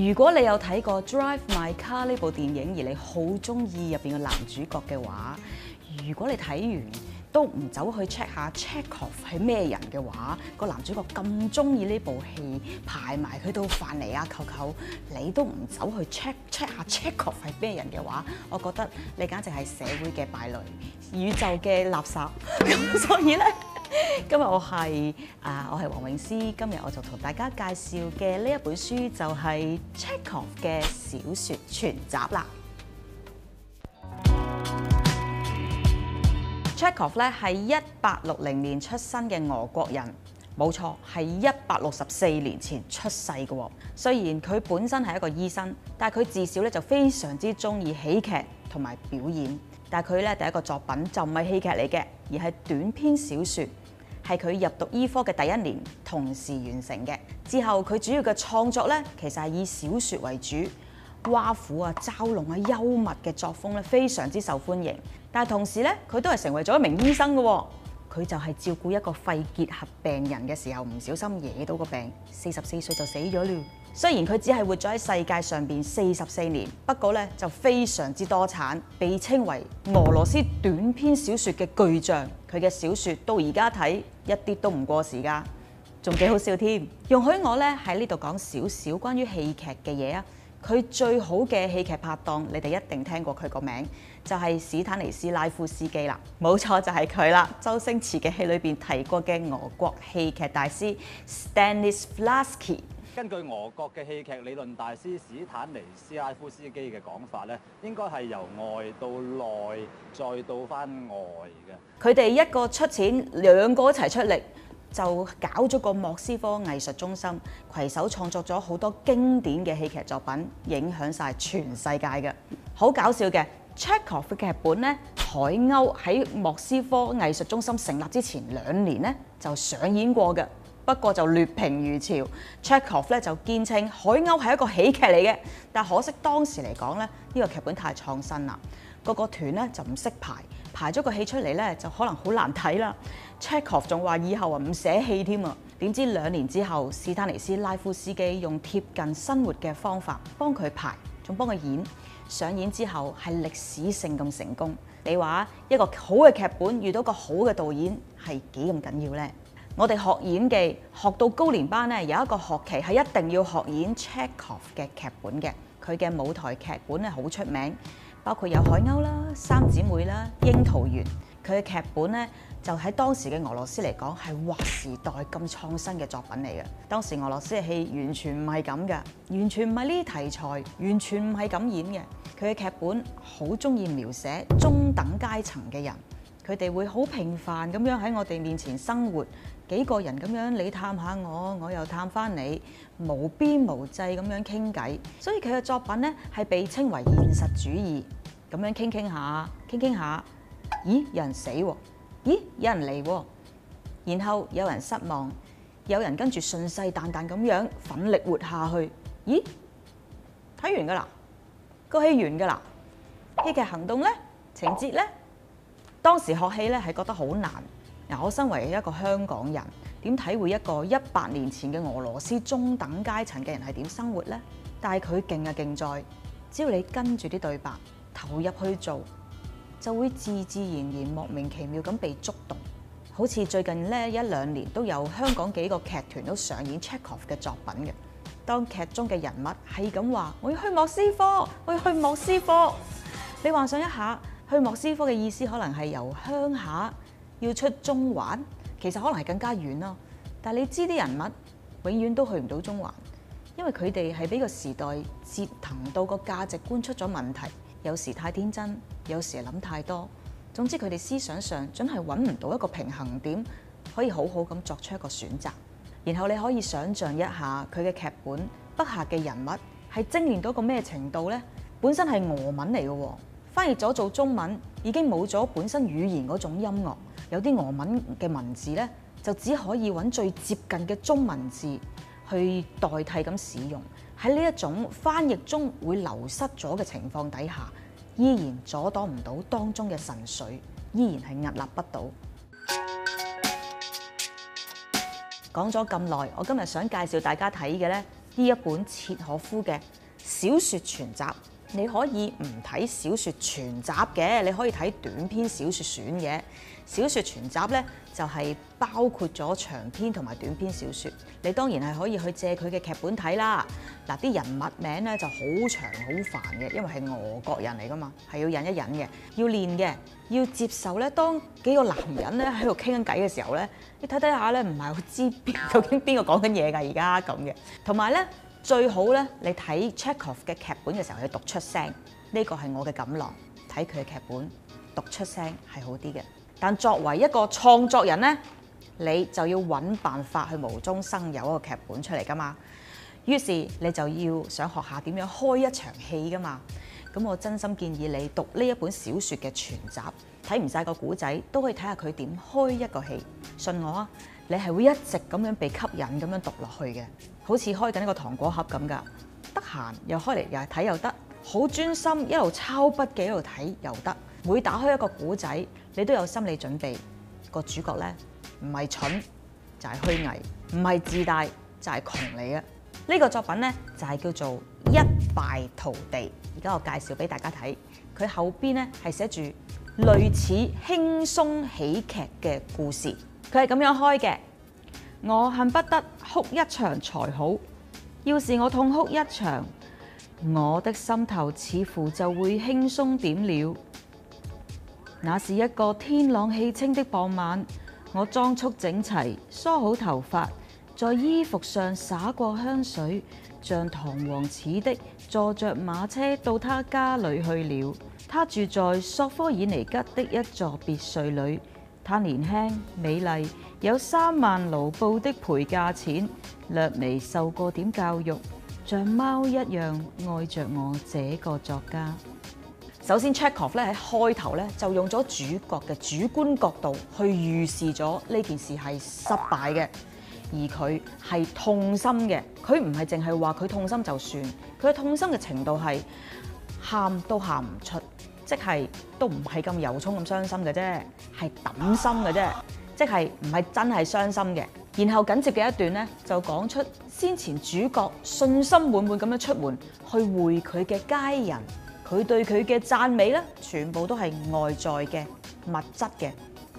如果你有睇過《Drive My Car》呢部電影，而你好中意入邊個男主角嘅話，如果你睇完都唔走去 check 下 Chekhov 係咩人嘅話，個男主角咁中意呢部戲，排埋佢到凡尼亞舅舅，你都唔走去 check check 下 Chekhov 係咩人嘅話，我覺得你簡直係社會嘅敗類，宇宙嘅垃圾。咁 所以咧。今日我係啊，我係黃詠詩。今日我就同大家介紹嘅呢一本書就係 Chekhov 嘅小說全集啦。Chekhov 咧係一八六零年出生嘅俄國人，冇錯，係一百六十四年前出世嘅。雖然佢本身係一個醫生，但係佢自小咧就非常之中意喜劇同埋表演。但係佢咧第一個作品就唔係戲劇嚟嘅，而係短篇小説，係佢入讀醫科嘅第一年同時完成嘅。之後佢主要嘅創作咧，其實係以小説為主，挖苦啊、嘲弄啊，幽默嘅作風咧非常之受歡迎。但係同時咧，佢都係成為咗一名醫生嘅，哦。佢就係照顧一個肺結核病人嘅時候，唔小心惹到個病，四十四歲就死咗了，了。雖然佢只係活咗喺世界上邊四十四年，不過呢就非常之多產，被稱為俄羅斯短篇小説嘅巨匠。佢嘅小説到而家睇一啲都唔過時噶，仲幾好笑添。容許我呢喺呢度講少少關於戲劇嘅嘢啊！佢最好嘅戲劇拍檔，你哋一定聽過佢個名，就係史坦尼斯拉夫斯基啦，冇錯就係佢啦。周星馳嘅戲裏邊提過嘅俄國戲劇大師 Stanislavski。根據俄國嘅戲劇理論大師史坦尼斯拉夫斯基嘅講法咧，應該係由外到內，再到翻外嘅。佢哋一個出錢，兩個一齊出力。就搞咗個莫斯科藝術中心，攜手創作咗好多經典嘅戲劇作品，影響晒全世界嘅。好搞笑嘅，c h 契訶夫嘅劇本咧《海鷗》喺莫斯科藝術中心成立之前兩年咧就上演過嘅，不過就劣評如潮。c h 契訶夫咧就堅稱《海鷗》係一個喜劇嚟嘅，但可惜當時嚟講咧呢、呢個劇本太創新啦，各個個團咧就唔識排。排咗個戲出嚟咧，就可能好難睇啦。Chekhov 仲話以後啊唔寫戲添啊，點知兩年之後，史丹尼斯拉夫斯基用貼近生活嘅方法幫佢排，仲幫佢演。上演之後係歷史性咁成功。你話一個好嘅劇本遇到個好嘅導演係幾咁緊要呢？我哋學演技學到高年班咧，有一個學期係一定要學演 Chekhov 嘅劇本嘅，佢嘅舞台劇本係好出名。包括有海鷗啦、三姊妹啦、櫻桃園，佢嘅劇本咧就喺當時嘅俄羅斯嚟講，係劃時代咁創新嘅作品嚟嘅。當時俄羅斯嘅戲完全唔係咁嘅，完全唔係呢啲題材，完全唔係咁演嘅。佢嘅劇本好中意描寫中等階層嘅人，佢哋會好平凡咁樣喺我哋面前生活。幾個人咁樣你探下我，我又探翻你，無邊無際咁樣傾偈，所以佢嘅作品呢，係被稱為現實主義。咁樣傾傾下，傾傾下，咦，有人死喎，咦，有人嚟喎，然後有人失望，有人跟住順勢淡淡咁樣奮力活下去。咦，睇完㗎啦，個戲完㗎啦，戲劇行動呢，情節呢，當時學戲呢，係覺得好難。嗱，我身為一個香港人，點體會一個一百年前嘅俄羅斯中等階層嘅人係點生活呢？但係佢勁呀勁在，只要你跟住啲對白投入去做，就會自自然然莫名其妙咁被觸動。好似最近呢一兩年都有香港幾個劇團都上演 Chekhov 嘅作品嘅。當劇中嘅人物係咁話：我要去莫斯科，我要去莫斯科。你幻想一下，去莫斯科嘅意思可能係由鄉下。要出中環，其實可能係更加遠咯。但係你知啲人物永遠都去唔到中環，因為佢哋係俾個時代折騰到個價值觀出咗問題。有時太天真，有時又諗太多。總之佢哋思想上總係揾唔到一個平衡點，可以好好咁作出一個選擇。然後你可以想象一下佢嘅劇本筆下嘅人物係精煉到個咩程度呢？本身係俄文嚟嘅，翻譯咗做中文已經冇咗本身語言嗰種音樂。有啲俄文嘅文字呢，就只可以揾最接近嘅中文字去代替咁使用。喺呢一種翻譯中會流失咗嘅情況底下，依然阻擋唔到當中嘅神髓，依然係屹立不倒。講咗咁耐，我今日想介紹大家睇嘅呢，呢一本契訶夫嘅小說全集。你可以唔睇小説全集嘅，你可以睇短篇小説選嘅。小説全集呢，就係包括咗長篇同埋短篇小説。你當然係可以去借佢嘅劇本睇啦。嗱，啲人物名呢就好長好煩嘅，因為係俄國人嚟㗎嘛，係要忍一忍嘅，要練嘅，要接受呢，當幾個男人呢喺度傾緊偈嘅時候呢，你睇睇下呢，唔係好知究竟邊個講緊嘢㗎。而家咁嘅，同埋呢。最好咧，你睇 Chekhov 嘅劇本嘅時候去讀出聲，呢、這個係我嘅感浪。睇佢嘅劇本讀出聲係好啲嘅。但作為一個創作人呢，你就要揾辦法去無中生有一個劇本出嚟噶嘛。於是你就要想學下點樣開一場戲噶嘛。咁我真心建議你讀呢一本小説嘅全集，睇唔晒個故仔都可以睇下佢點開一個戲，信我啊！你係會一直咁樣被吸引咁樣讀落去嘅，好似開緊一個糖果盒咁噶。得閒又開嚟又係睇又得，好專心一路抄筆記一路睇又得。每打開一個古仔，你都有心理準備。個主角咧唔係蠢就係虛偽，唔係自大就係窮你嘅。呢個作品咧就係叫做一敗塗地。而家我介紹俾大家睇，佢後邊咧係寫住類似輕鬆喜劇嘅故事。佢係咁樣開嘅，我恨不得哭一場才好。要是我痛哭一場，我的心頭似乎就會輕鬆點了。那是一個天朗氣清的傍晚，我裝束整齊，梳好頭髮，在衣服上灑過香水，像堂皇似的，坐着馬車到他家裏去了。他住在索科爾尼吉的一座別墅裏。她年輕、美麗，有三萬盧布的陪嫁錢，略微受過點教育，像貓一樣愛着我這個作家。首先 Chekhov，咧喺開頭咧就用咗主角嘅主觀角度去預示咗呢件事係失敗嘅，而佢係痛心嘅。佢唔係淨係話佢痛心就算，佢嘅痛心嘅程度係喊都喊唔出。即係都唔係咁由衷咁傷心嘅啫，係抌心嘅啫，即係唔係真係傷心嘅。然後緊接嘅一段呢，就講出先前主角信心滿滿咁樣出門去會佢嘅佳人，佢對佢嘅讚美呢，全部都係外在嘅物質嘅。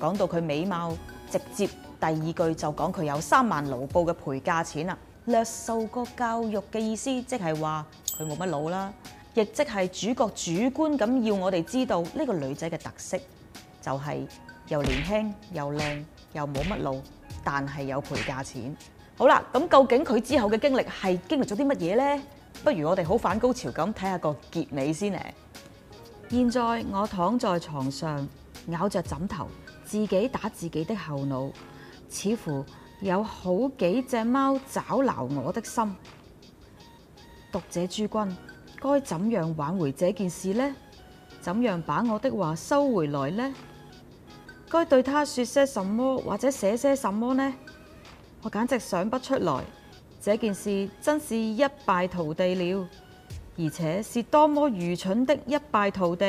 講到佢美貌，直接第二句就講佢有三萬盧布嘅陪嫁錢啦，略受過教育嘅意思，即係話佢冇乜腦啦。亦即係主角主觀咁，要我哋知道呢個女仔嘅特色就係又年輕又靚又冇乜路，但係有陪嫁錢。好啦，咁究竟佢之後嘅經歷係經歷咗啲乜嘢呢？不如我哋好反高潮咁睇下個結尾先咧。現在我躺在床上，咬着枕頭，自己打自己的後腦，似乎有好幾隻貓爪撓我的心。讀者諸君。該怎樣挽回這件事呢？怎樣把我的話收回來呢？該對他說些什麼或者寫些什麼呢？我簡直想不出來。這件事真是一敗塗地了，而且是多麼愚蠢的一敗塗地。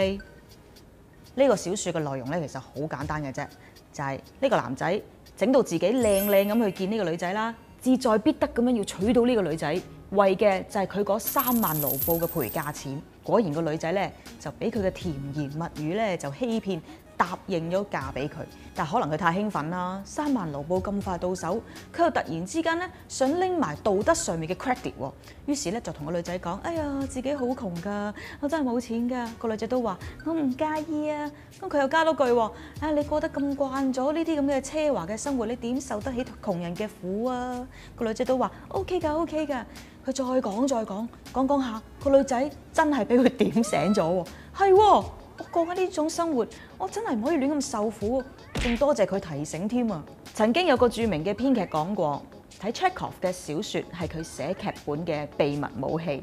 呢個小說嘅內容咧，其實好簡單嘅啫，就係呢個男仔整到自己靚靚咁去見呢個女仔啦，志在必得咁樣要娶到呢個女仔。為嘅就係佢嗰三萬盧布嘅陪嫁錢，果然個女仔咧就俾佢嘅甜言蜜語咧就欺騙。答應咗嫁俾佢，但可能佢太興奮啦，三萬盧布咁快到手，佢又突然之間咧想拎埋道德上面嘅 credit 喎，於是咧就同個女仔講：哎呀，自己好窮㗎，我真係冇錢㗎。個女仔都話：我唔介意啊。咁佢又加多句：啊，你過得咁慣咗呢啲咁嘅奢華嘅生活，你點受得起窮人嘅苦啊？個女仔都話：OK 㗎，OK 㗎。佢再講再講，講講下個女仔真係俾佢點醒咗喎，係喎。我過緊呢種生活，我真係唔可以亂咁受苦，仲多謝佢提醒添啊！曾經有個著名嘅編劇講過，睇 Chekhov 嘅小説係佢寫劇本嘅秘密武器，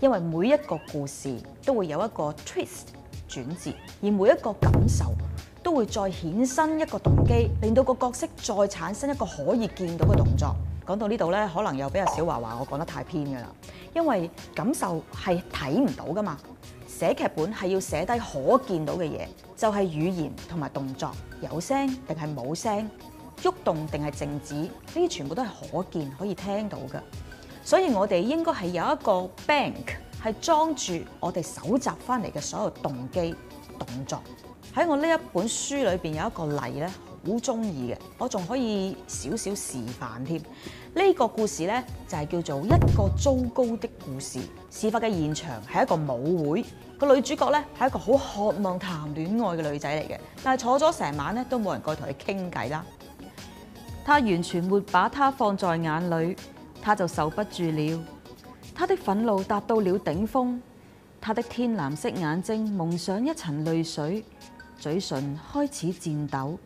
因為每一個故事都會有一個 twist 轉折，而每一個感受都會再衍生一個動機，令到個角色再產生一個可以見到嘅動作。講到呢度咧，可能又比較少話話我講得太偏㗎啦，因為感受係睇唔到㗎嘛。寫劇本係要寫低可見到嘅嘢，就係語言同埋動作，有聲定係冇聲，喐動定係靜止，呢啲全部都係可見可以聽到嘅。所以我哋應該係有一個 bank 係裝住我哋搜集翻嚟嘅所有動機動作。喺我呢一本書裏邊有一個例咧。好中意嘅，我仲可以少少示範添。呢、這個故事呢，就係、是、叫做一個糟糕的故事。事發嘅現場係一個舞會，個女主角呢，係一個好渴望談戀愛嘅女仔嚟嘅，但係坐咗成晚呢，都冇人過同佢傾偈啦。她完全沒把她放在眼裏，他就受不住了。她的憤怒達到了頂峰，她的天藍色眼睛蒙上一層淚水，嘴唇開始顫抖。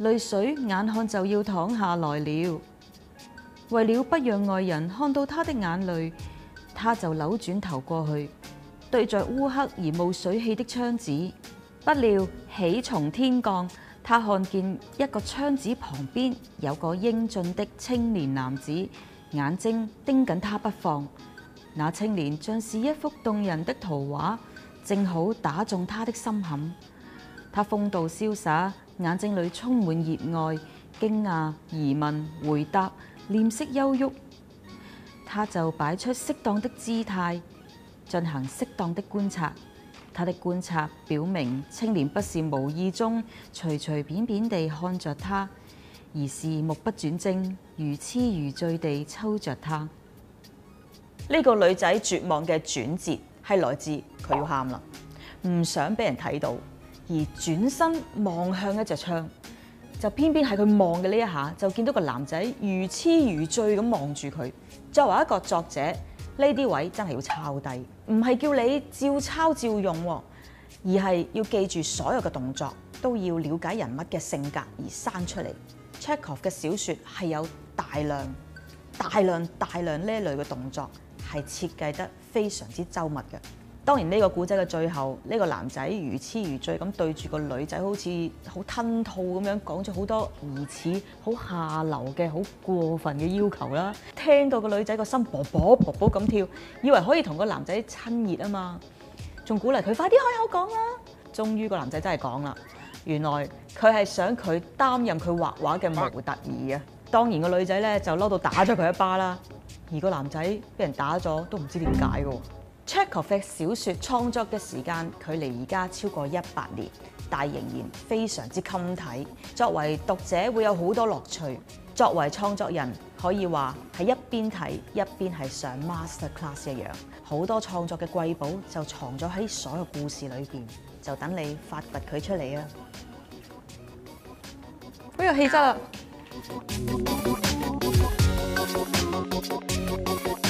淚水眼看就要淌下來了，為了不讓外人看到他的眼淚，他就扭轉頭過去，對着烏黑而冒水氣的窗子。不料喜從天降，他看見一個窗子旁邊有個英俊的青年男子，眼睛盯緊他不放。那青年像是一幅動人的圖畫，正好打中他的心坎。他風度瀟灑，眼睛裏充滿熱愛、驚訝、疑問、回答，臉色憂鬱。他就擺出適當的姿態，進行適當的觀察。他的觀察表明，青年不是無意中隨隨便便地看著他，而是目不轉睛、如痴如醉地抽着他。呢個女仔絕望嘅轉折係來自佢要喊啦，唔想俾人睇到。而轉身望向一隻窗，就偏偏係佢望嘅呢一下，就見到個男仔如痴如醉咁望住佢。作為一個作者，呢啲位真係要抄低，唔係叫你照抄照用，而係要記住所有嘅動作都要了解人物嘅性格而生出嚟。 Chekhov 嘅小説係有大量、大量、大量呢類嘅動作，係設計得非常之周密嘅。當然呢個古仔嘅最後，呢個男仔如痴如醉咁對住個女仔，好似好吞吐咁樣講咗好多疑似好下流嘅好過分嘅要求啦。聽到個女仔個心薄薄噚咁跳，以為可以同個男仔親熱啊嘛，仲鼓勵佢快啲開口講啦。終於個男仔真係講啦，原來佢係想佢擔任佢畫畫嘅模特兒啊。是當然個女仔呢就嬲到打咗佢一巴啦，而個男仔俾人打咗都唔知點解嘅。c c h eChekhov 小說創作嘅時間距離而家超過一百年，但仍然非常之襟睇。作為讀者會有好多樂趣，作為創作人可以話係一邊睇一邊係上 master class 嘅樣，好多創作嘅瑰寶就藏咗喺所有故事裏邊，就等你發掘佢出嚟啊！好有、哎、氣質啊！